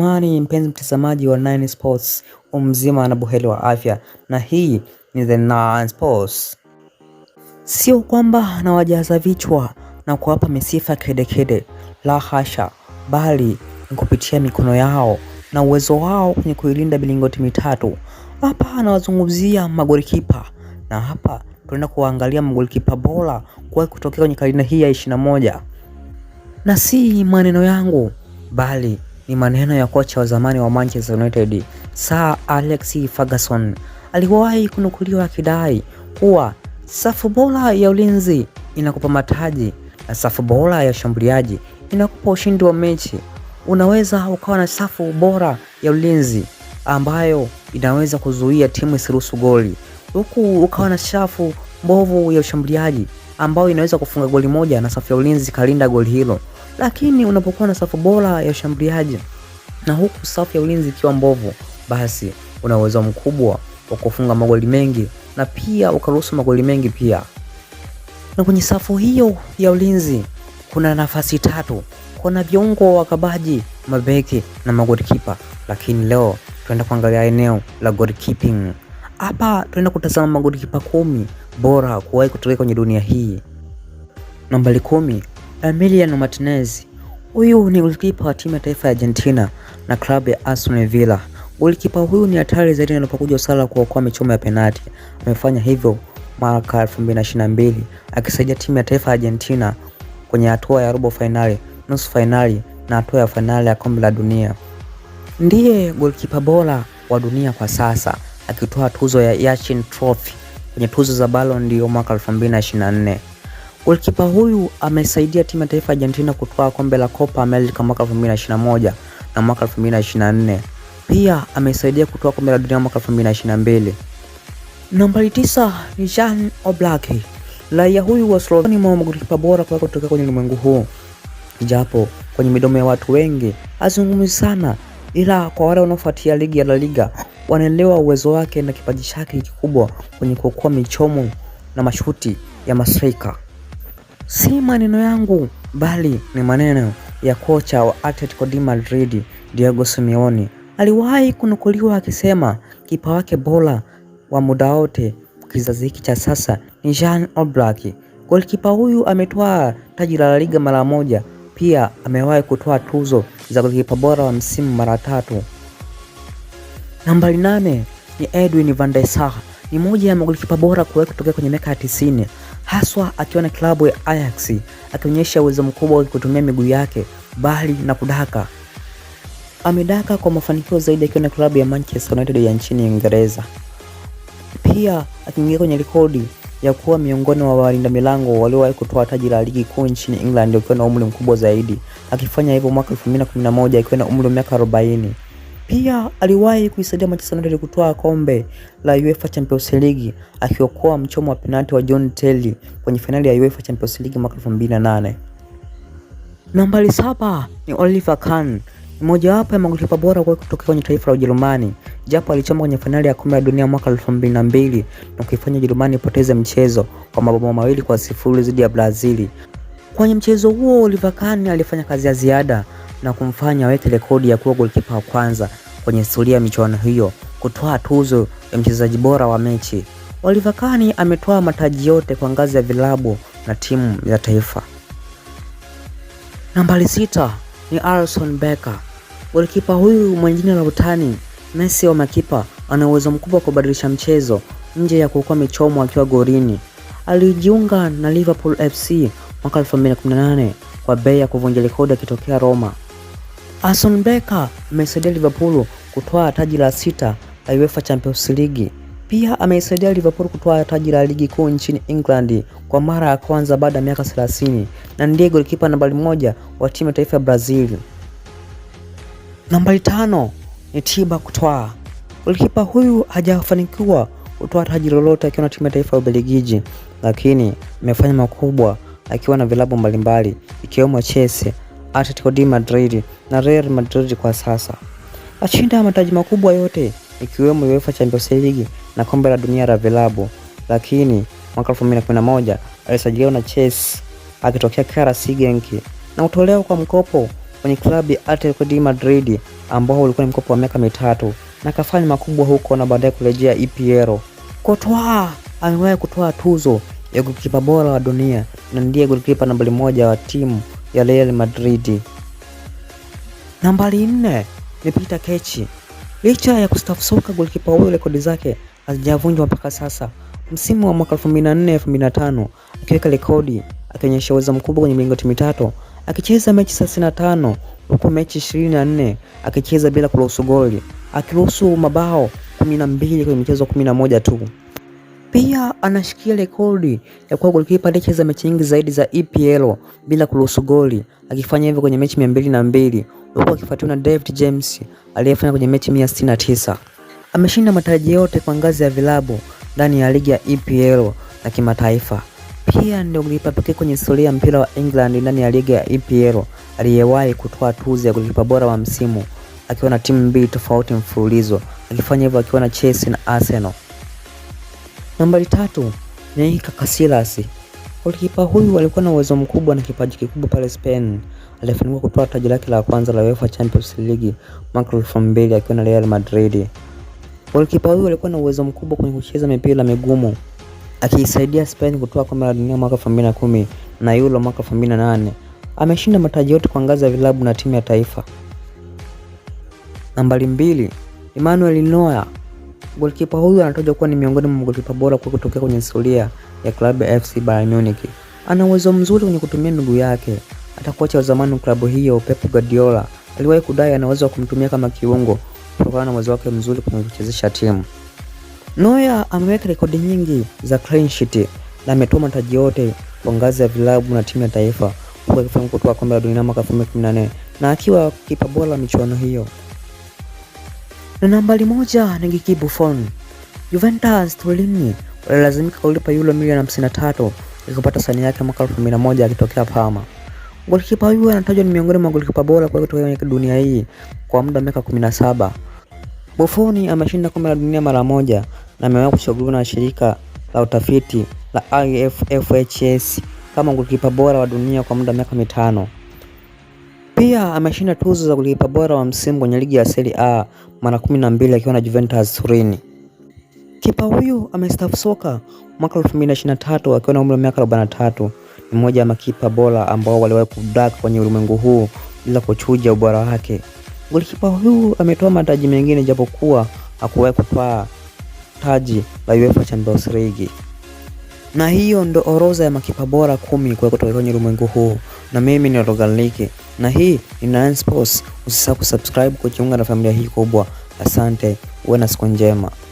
Mani mpenzi mtazamaji wa Nine Sports, umzima um na buheli wa afya, na hii ni the Nine Sports. Sio kwamba nawajaza vichwa na kuwapa misifa kedekede, la hasha, bali ni kupitia mikono yao na uwezo wao kwenye kuilinda milingoti mitatu. Hapa anawazungumzia magolikipa na hapa tunaenda kuangalia magolikipa bora kuwahi kutokea kwenye karne hii ya 21, na si maneno yangu bali ni maneno ya kocha wa zamani wa Manchester United Sir Alex Ferguson aliwahi kunukuliwa akidai kuwa safu bora ya ulinzi inakupa mataji na safu bora ya ushambuliaji inakupa ushindi wa mechi. Unaweza ukawa na safu bora ya ulinzi ambayo inaweza kuzuia timu isiruhusu goli, huku ukawa na safu mbovu ya ushambuliaji ambayo inaweza kufunga goli moja na safu ya ulinzi ikalinda goli hilo. Lakini unapokuwa na safu bora ya ushambuliaji na huku safu ya ulinzi ikiwa mbovu, basi una uwezo mkubwa wa kufunga magoli mengi na pia ukaruhusu magoli mengi pia. Na kwenye safu hiyo ya ulinzi kuna nafasi tatu, kuna viungo wa kabaji, mabeki na magolikipa. Lakini leo tuenda kuangalia eneo la goalkeeping. Hapa tuenda kutazama magolikipa kumi bora kuwahi kutokea kwenye dunia hii. Nambari kumi Emiliano Martinez huyu ni golikipa wa timu ya taifa ya Argentina na klabu ya Aston Villa. Golikipa huyu ni hatari zaidi anapokuja sala kuokoa michomo ya penalti. Amefanya hivyo mwaka 2022 akisaidia timu ya taifa ya Argentina kwenye hatua ya robo fainali, nusu fainali na hatua ya fainali ya kombe la dunia. Ndiye goalkeeper bora wa dunia kwa sasa akitoa tuzo ya Yashin Trophy kwenye tuzo za Ballon d'Or mwaka 2024. Golkipa huyu amesaidia timu ya taifa Argentina kutwaa kombe la Copa America mwaka 2021 na mwaka 2024. Pia amesaidia kutwaa kombe la dunia mwaka 2022. Nambari tisa ni Jan Oblak. Raia huyu wa Slovenia ni magolikipa bora kwa kutoka kwenye ulimwengu huu, japo kwenye midomo ya watu wengi azungumzi sana, ila kwa wale wanaofuatia ligi ya La Liga wanaelewa uwezo wake na kipaji chake kikubwa kwenye kuokoa michomo na mashuti ya mastrika. Si maneno yangu bali ni maneno ya kocha wa Atletico de Madrid Diego Simeone. Aliwahi kunukuliwa akisema kipa wake bora wa muda wote kizazi hiki cha sasa ni Jean Oblak. Golikipa huyu ametoa taji la Liga mara moja, pia amewahi kutoa tuzo za golikipa bora wa msimu mara tatu. Nambari nane ni Edwin van der Sar, ni moja ya magolikipa bora kuwahi kutokea kwenye miaka ya tisini haswa akiwa na klabu ya Ajax akionyesha uwezo mkubwa wa kutumia miguu yake bali na kudaka. Amedaka kwa mafanikio zaidi akiwa na klabu ya Manchester United ya nchini Uingereza, pia akiingia kwenye rekodi ya kuwa miongoni mwa walinda milango waliowahi kutoa taji la ligi kuu nchini England akiwa na umri mkubwa zaidi, akifanya hivyo mwaka 2011 akiwa na umri wa miaka 40. Pia aliwahi kuisaidia Manchester United kutoa kombe la UEFA Champions League akiokoa mchomo wa penalti wa John Terry kwenye fainali ya UEFA Champions League mwaka 2008. Nambari saba ni Oliver Kahn, mmoja wapo ya magolikipa bora kwa kutoka kwenye taifa la Ujerumani, japo alichoma kwenye fainali ya kombe la dunia mwaka 2002 na kuifanya Ujerumani ipoteze mchezo kwa mabao mawili kwa sifuri dhidi ya Brazil. Kwenye mchezo huo, Oliver Kahn alifanya kazi ya ziada na kumfanya aweke rekodi ya kuwa golikipa wa kwanza kwenye historia ya michuano hiyo kutoa tuzo ya mchezaji bora wa mechi. Oliver Kahn ametoa mataji yote kwa ngazi ya vilabu na timu ya taifa. Nambari sita ni Alisson Becker. Golikipa huyu mwenye jina la utani Messi wa makipa ana uwezo mkubwa wa kubadilisha mchezo nje ya kuokoa michomo akiwa gorini. Alijiunga na Liverpool FC mwaka 2018 kwa bei ya kuvunja rekodi akitokea Roma. Arsene Wenger amesaidia Liverpool kutwaa taji la sita la UEFA Champions League. Pia ameisaidia Liverpool kutwaa taji la ligi kuu nchini England kwa mara ya kwanza baada ya miaka 30 na ndiye golikipa nambari moja wa timu ya taifa ya Brazil. Nambari tano ni Thibaut Courtois. Golikipa huyu hajafanikiwa kutoa taji lolote akiwa na timu ya taifa ya Ubelgiji, lakini amefanya makubwa akiwa na vilabu mbalimbali ikiwemo Chelsea Atletico de Madrid na Real Madrid kwa sasa. Ashinda mataji makubwa yote ikiwemo UEFA Champions League na kombe la dunia la vilabu, lakini mwaka 2011 alisajiliwa na Chelsea akitokea RC Genk na kutolewa kwa mkopo kwenye klabu ya Atletico de Madrid ambao ulikuwa ni mkopo wa miaka mitatu na kafanya makubwa huko na baadaye kurejea EPL. Kotoa amewahi kutoa tuzo ya golikipa bora wa dunia na ndiye golikipa nambari moja wa timu ya Real Madrid. Nambari nne ni Peter Kechi. Licha ya kustaafu soka, golikipa huyo rekodi zake hazijavunjwa mpaka sasa. Msimu wa mwaka 2004 2005 akiweka rekodi, akionyesha uwezo mkubwa kwenye milingoti mitatu, akicheza mechi 35 huku mechi 24 akicheza bila kuruhusu goli, akiruhusu mabao 12 kwenye michezo 11 tu. Pia anashikia rekodi ya kuwa golikipa aliyecheza mechi nyingi zaidi za EPL bila kuruhusu goli, akifanya hivyo kwenye mechi mia mbili na mbili huku akifuatiwa na David James aliyefanya kwenye mechi tisa. Ameshinda mataji yote kwa ngazi ya vilabu ndani ya ligi ya EPL na kimataifa. Pia ndio golikipa pekee kwenye historia ya mpira wa England ndani ya ligi ya EPL aliyewahi kutoa tuzo ya golikipa bora wa msimu akiwa na timu mbili tofauti mfululizo, akifanya hivyo akiwa na Chelsea na Arsenal. Nambari tatu ni Iker Casillas. Golikipa huyu alikuwa na uwezo mkubwa na kipaji kikubwa pale Spain. Alifanikiwa kutoa taji lake la kwanza la UEFA Champions League mwaka 2002 akiwa na Real Madrid. Golikipa huyu alikuwa na uwezo mkubwa kwenye kucheza mipira migumu akiisaidia Spain kutoa kombe la dunia mwaka 2010 na Euro mwaka 2008. Ameshinda mataji yote kwa ngazi ya vilabu na timu ya taifa. Nambari mbili Emmanuel Neuer Golikipa huyu anatajwa kuwa ni miongoni mwa magolikipa bora kwa kutokea kwenye historia ya klabu ya FC Bayern Munich. Ana uwezo mzuri kwenye kutumia miguu yake. Hata kocha wa zamani wa klabu hiyo Pep Guardiola aliwahi kudai ana uwezo wa kumtumia kama kiungo kutokana na uwezo wake mzuri kwenye kuchezesha timu. Neuer ameweka rekodi nyingi za clean sheet na ametoa mataji yote kwa ngazi ya vilabu na timu ya taifa huku akifanikiwa kutoa kombe la dunia mwaka 2014 na akiwa kipa bora wa michuano hiyo na nambari moja ni Gigi Buffon. Juventus Turini walilazimika kulipa euro milioni 53 ili kupata saini yake mwaka 2001 akitokea Parma. Golikipa huyu anatajwa ni miongoni mwa golikipa bora kwa kutoka kwenye dunia hii kwa muda wa miaka 17. Buffon ameshinda kombe la dunia mara moja na amewahi kuchaguliwa na shirika la utafiti la IFFHS kama golikipa bora wa dunia kwa muda wa miaka mitano. Pia ameshinda tuzo za golikipa bora wa msimu kwenye ligi ya Serie A mara 12 akiwa na Juventus Turin. Kipa huyu amestaafu soka mwaka 2023 akiwa na umri wa miaka 43. Ni mmoja wa makipa bora ambao waliwahi kudak kwenye ulimwengu huu bila kuchuja ubora wake. Golikipa huyu ametoa mataji mengine japokuwa hakuwahi kupaa taji la UEFA Champions League. Na hiyo ndo orodha ya makipa bora kumi kwa kutoka kwenye ulimwengu huu, na mimi ni Rogan Lake na hii ni Nine Sports. Usisahau kusubscribe kujiunga na familia hii kubwa. Asante, uwe na siku njema.